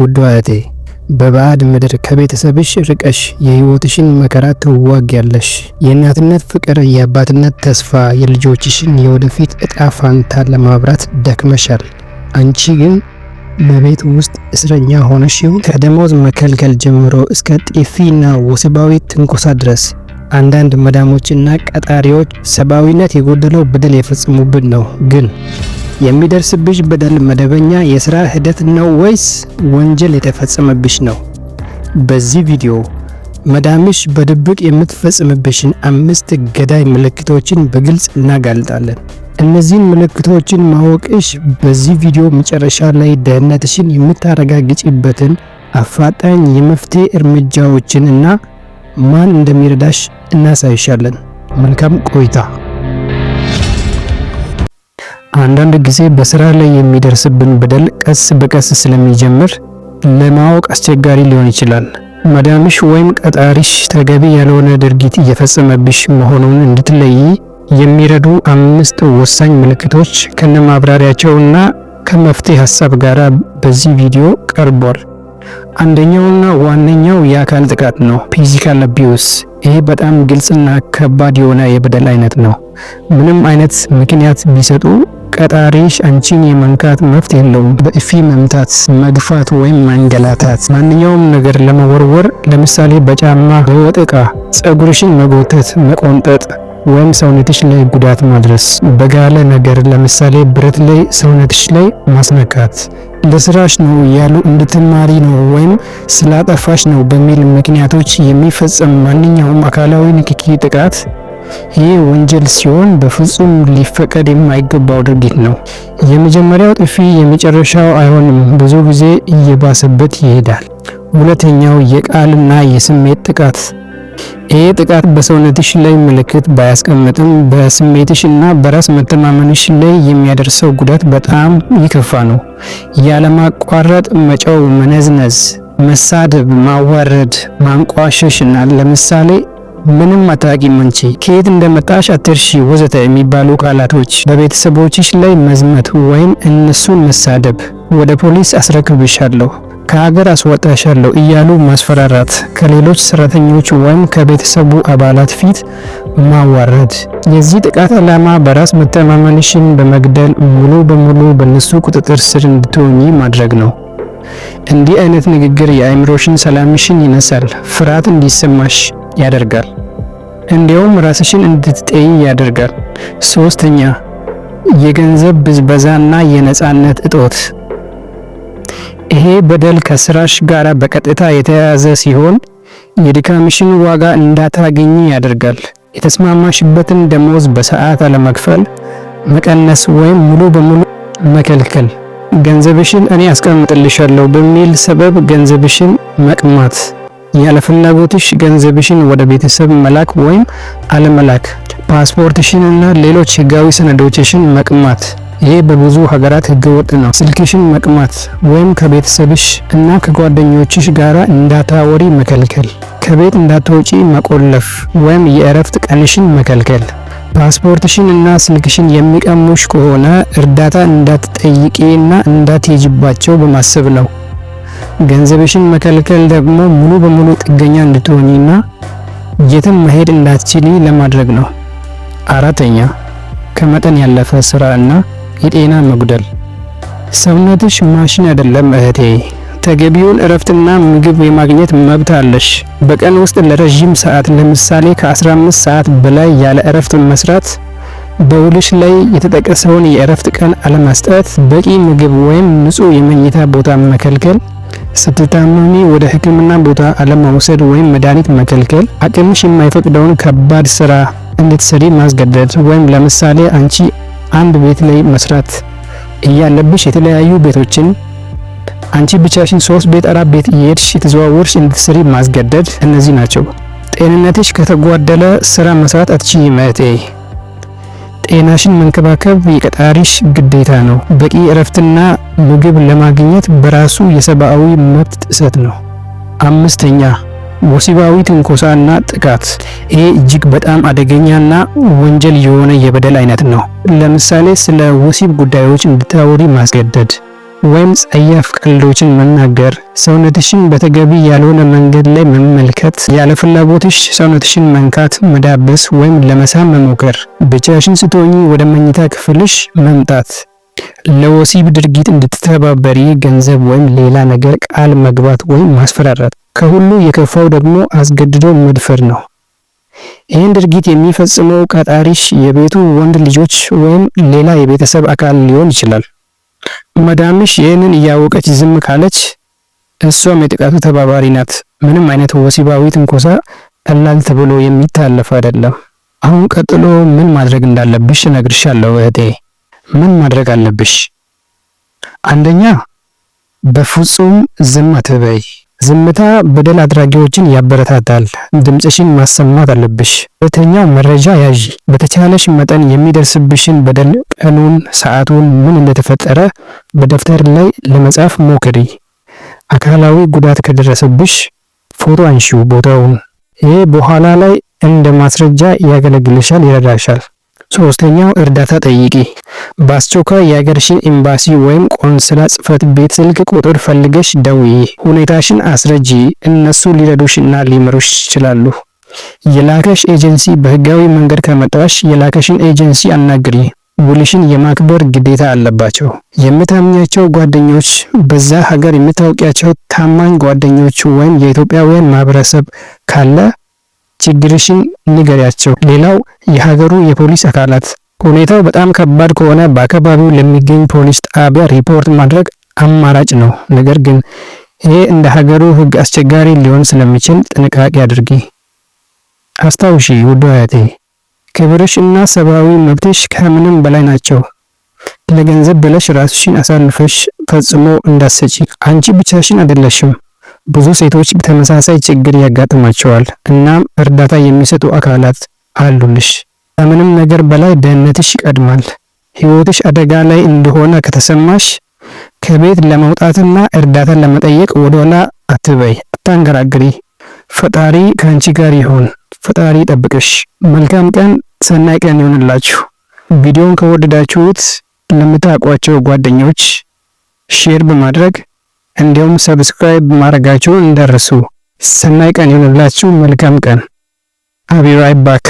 ውድ እህቴ በባዕድ ምድር ከቤተሰብሽ ርቀሽ የሕይወትሽን መከራ ትዋጊያለሽ። የእናትነት ፍቅር፣ የአባትነት ተስፋ፣ የልጆችሽን የወደፊት እጣ ፋንታ ለማብራት ደክመሻል። አንቺ ግን በቤት ውስጥ እስረኛ ሆነሽው ከደሞዝ መከልከል ጀምሮ እስከ ጢፊና ወሲባዊ ትንኮሳ ድረስ አንዳንድ መዳሞችና ቀጣሪዎች ሰብአዊነት የጎደለው በደል የፈጸሙብን ነው ግን የሚደርስብሽ በደል መደበኛ የስራ ሂደት ነው ወይስ ወንጀል የተፈጸመብሽ ነው? በዚህ ቪዲዮ መዳምሽ በድብቅ የምትፈጽምብሽን አምስት ገዳይ ምልክቶችን በግልጽ እናጋልጣለን። እነዚህን ምልክቶችን ማወቅሽ በዚህ ቪዲዮ መጨረሻ ላይ ደህንነትሽን የምታረጋግጭበትን አፋጣኝ የመፍትሄ እርምጃዎችን እና ማን እንደሚረዳሽ እናሳይሻለን። መልካም ቆይታ። አንዳንድ ጊዜ በስራ ላይ የሚደርስብን በደል ቀስ በቀስ ስለሚጀምር ለማወቅ አስቸጋሪ ሊሆን ይችላል። መዳምሽ ወይም ቀጣሪሽ ተገቢ ያልሆነ ድርጊት እየፈጸመብሽ መሆኑን እንድትለይ የሚረዱ አምስት ወሳኝ ምልክቶች ከነማብራሪያቸውና ከመፍትሄ ሀሳብ ጋር በዚህ ቪዲዮ ቀርቧል። አንደኛውና ዋነኛው የአካል ጥቃት ነው፣ ፊዚካል አቢዩስ። ይሄ በጣም ግልጽና ከባድ የሆነ የበደል አይነት ነው። ምንም አይነት ምክንያት ቢሰጡ ቀጣሪሽ አንቺን የመንካት መፍት የለውም። በእፊ መምታት፣ መግፋት ወይም ማንገላታት፣ ማንኛውም ነገር ለመወርወር ለምሳሌ በጫማ በወጥ እቃ ጸጉርሽን መጎተት፣ መቆንጠጥ ወይም ሰውነትሽ ላይ ጉዳት ማድረስ፣ በጋለ ነገር ለምሳሌ ብረት ላይ ሰውነትሽ ላይ ማስነካት፣ ለስራሽ ነው እያሉ እንድትማሪ ነው ወይም ስላጠፋሽ ነው በሚል ምክንያቶች የሚፈጸም ማንኛውም አካላዊ ንክኪ ጥቃት ይህ ወንጀል ሲሆን በፍጹም ሊፈቀድ የማይገባው ድርጊት ነው። የመጀመሪያው ጥፊ የመጨረሻው አይሆንም፣ ብዙ ጊዜ እየባሰበት ይሄዳል። ሁለተኛው የቃልና የስሜት ጥቃት ይህ ጥቃት በሰውነትሽ ላይ ምልክት ባያስቀምጥም በስሜትሽ እና በራስ መተማመንሽ ላይ የሚያደርሰው ጉዳት በጣም ይከፋ ነው። ያለማቋረጥ መጫው፣ መነዝነዝ፣ መሳደብ፣ ማዋረድ፣ ማንቋሸሽ እና ለምሳሌ ምንም አታውቂም አንቺ፣ ከየት እንደመጣሽ አትርሺ፣ ወዘተ የሚባሉ ቃላቶች በቤተሰቦችሽ ላይ መዝመት ወይም እነሱን መሳደብ፣ ወደ ፖሊስ አስረክብሻለሁ፣ ከሀገር አስወጣሻለሁ እያሉ ማስፈራራት፣ ከሌሎች ሰራተኞች ወይም ከቤተሰቡ አባላት ፊት ማዋረድ። የዚህ ጥቃት ዓላማ በራስ መተማመንሽን በመግደል ሙሉ በሙሉ በነሱ ቁጥጥር ስር እንድትሆኚ ማድረግ ነው። እንዲህ አይነት ንግግር የአእምሮሽን ሰላምሽን ይነሳል፣ ፍርሃት እንዲሰማሽ ያደርጋል። እንዲያውም ራስሽን እንድትጠይ ያደርጋል። ሶስተኛ የገንዘብ ብዝበዛና የነፃነት እጦት። ይሄ በደል ከስራሽ ጋር በቀጥታ የተያያዘ ሲሆን የድካምሽን ዋጋ እንዳታገኝ ያደርጋል። የተስማማሽበትን ደሞዝ በሰዓት አለመክፈል፣ መቀነስ ወይም ሙሉ በሙሉ መከልከል፣ ገንዘብሽን እኔ አስቀምጥልሻለሁ በሚል ሰበብ ገንዘብሽን መቅማት ያለ ፍላጎትሽ ገንዘብሽን ወደ ቤተሰብ መላክ ወይም አለመላክ፣ ፓስፖርትሽን እና ሌሎች ህጋዊ ሰነዶችሽን መቅማት። ይህ በብዙ ሀገራት ህገወጥ ነው። ስልክሽን መቅማት ወይም ከቤተሰብሽ እና ከጓደኞችሽ ጋር እንዳታወሪ መከልከል። ከቤት እንዳትወጪ መቆለፍ ወይም የእረፍት ቀንሽን መከልከል። ፓስፖርትሽን እና ስልክሽን የሚቀሙሽ ከሆነ እርዳታ እንዳትጠይቂና እንዳትሄጅባቸው በማሰብ ነው። ገንዘብሽን መከልከል ደግሞ ሙሉ በሙሉ ጥገኛ እንድትሆኚና የትም መሄድ እንዳትችሊ ለማድረግ ነው። አራተኛ ከመጠን ያለፈ ስራ እና የጤና መጉደል። ሰውነትሽ ማሽን አይደለም እህቴ። ተገቢውን እረፍትና ምግብ የማግኘት መብት አለሽ። በቀን ውስጥ ለረዥም ሰዓት ለምሳሌ ከ15 ሰዓት በላይ ያለ እረፍት መስራት፣ በውልሽ ላይ የተጠቀሰውን የእረፍት ቀን አለመስጠት፣ በቂ ምግብ ወይም ንጹህ የመኝታ ቦታ መከልከል ስትታመሚ ወደ ህክምና ቦታ አለመውሰድ ወይም መድኃኒት መከልከል፣ አቅምሽ የማይፈቅደውን ከባድ ስራ እንድትሰሪ ማስገደድ ወይም ለምሳሌ አንቺ አንድ ቤት ላይ መስራት እያለብሽ የተለያዩ ቤቶችን አንቺ ብቻሽን ሶስት ቤት አራት ቤት እየሄድሽ የተዘዋወርሽ እንድትሰሪ ማስገደድ፣ እነዚህ ናቸው። ጤንነትሽ ከተጓደለ ስራ መስራት አትችይም እህቴ። ጤናሽን መንከባከብ የቀጣሪሽ ግዴታ ነው። በቂ እረፍትና ምግብ ለማግኘት በራሱ የሰብአዊ መብት ጥሰት ነው። አምስተኛ ወሲባዊ ትንኮሳና ጥቃት። ይህ እጅግ በጣም አደገኛና ወንጀል የሆነ የበደል አይነት ነው። ለምሳሌ ስለ ወሲብ ጉዳዮች እንድታወሪ ማስገደድ ወይም ጸያፍ ቀልዶችን መናገር፣ ሰውነትሽን በተገቢ ያልሆነ መንገድ ላይ መመልከት፣ ያለ ፍላጎትሽ ሰውነትሽን መንካት፣ መዳበስ ወይም ለመሳም መሞከር፣ ብቻሽን ስትሆኚ ወደ መኝታ ክፍልሽ መምጣት፣ ለወሲብ ድርጊት እንድትተባበሪ ገንዘብ ወይም ሌላ ነገር ቃል መግባት ወይም ማስፈራራት። ከሁሉ የከፋው ደግሞ አስገድዶ መድፈር ነው። ይህን ድርጊት የሚፈጽመው ቀጣሪሽ የቤቱ ወንድ ልጆች ወይም ሌላ የቤተሰብ አካል ሊሆን ይችላል። መዳምሽ ይህንን እያወቀች ዝም ካለች እሷም የጥቃቱ ተባባሪ ናት። ምንም አይነት ወሲባዊ ትንኮሳ ቀላል ተብሎ የሚታለፍ አይደለም። አሁን ቀጥሎ ምን ማድረግ እንዳለብሽ እነግርሻለሁ እህቴ። ምን ማድረግ አለብሽ? አንደኛ በፍጹም ዝም አትበይ። ዝምታ በደል አድራጊዎችን ያበረታታል። ድምፅሽን ማሰማት አለብሽ። ሁለተኛው መረጃ ያዥ። በተቻለሽ መጠን የሚደርስብሽን በደል ቀኑን፣ ሰዓቱን፣ ምን እንደተፈጠረ በደብተር ላይ ለመጻፍ ሞክሪ። አካላዊ ጉዳት ከደረሰብሽ ፎቶ አንሺው ቦታውን። ይህ በኋላ ላይ እንደ ማስረጃ ያገለግልሻል፣ ይረዳሻል። ሶስተኛው እርዳታ ጠይቂ። በአስቸኳይ የሀገርሽን ኤምባሲ ወይም ቆንስላ ጽህፈት ቤት ስልክ ቁጥር ፈልገሽ ደውይ። ሁኔታሽን አስረጂ። እነሱ ሊረዱሽ እና ይችላሉ። የላከሽ ኤጀንሲ በህጋዊ መንገድ ከመጣሽ የላከሽን ኤጀንሲ አናግሪ። ውልሽን የማክበር ግዴታ አለባቸው። የምታምኛቸው ጓደኞች፣ በዛ ሀገር የምታውቂያቸው ታማኝ ጓደኞች ወይም የኢትዮጵያውያን ማህበረሰብ ካለ ችግርሽን ንገሪያቸው። ሌላው የሀገሩ የፖሊስ አካላት ሁኔታው በጣም ከባድ ከሆነ በአካባቢው ለሚገኝ ፖሊስ ጣቢያ ሪፖርት ማድረግ አማራጭ ነው። ነገር ግን ይሄ እንደ ሀገሩ ሕግ አስቸጋሪ ሊሆን ስለሚችል ጥንቃቄ አድርጊ። አስታውሺ ውድ አያቴ፣ ክብርሽ እና ሰብአዊ መብትሽ ከምንም በላይ ናቸው። ለገንዘብ ብለሽ ራስሽን አሳልፈሽ ፈጽሞ እንዳትሰጪ። አንቺ ብቻሽን አይደለሽም። ብዙ ሴቶች ተመሳሳይ ችግር ያጋጥማቸዋል። እናም እርዳታ የሚሰጡ አካላት አሉልሽ። ከምንም ነገር በላይ ደህንነትሽ ይቀድማል። ህይወትሽ አደጋ ላይ እንደሆነ ከተሰማሽ ከቤት ለመውጣትና እርዳታ ለመጠየቅ ወደኋላ አትበይ፣ አታንገራግሪ። ፈጣሪ ከአንቺ ጋር ይሁን። ፈጣሪ ጠብቅሽ። መልካም ቀን፣ ሰናይ ቀን ይሆንላችሁ። ቪዲዮን ከወደዳችሁት ለምታውቋቸው ጓደኞች ሼር በማድረግ እንዲሁም ሰብስክራይብ ማድረጋችሁን እንደርሱ። ሰናይ ቀን ይሁንላችሁ። መልካም ቀን። አቢራይ ባክ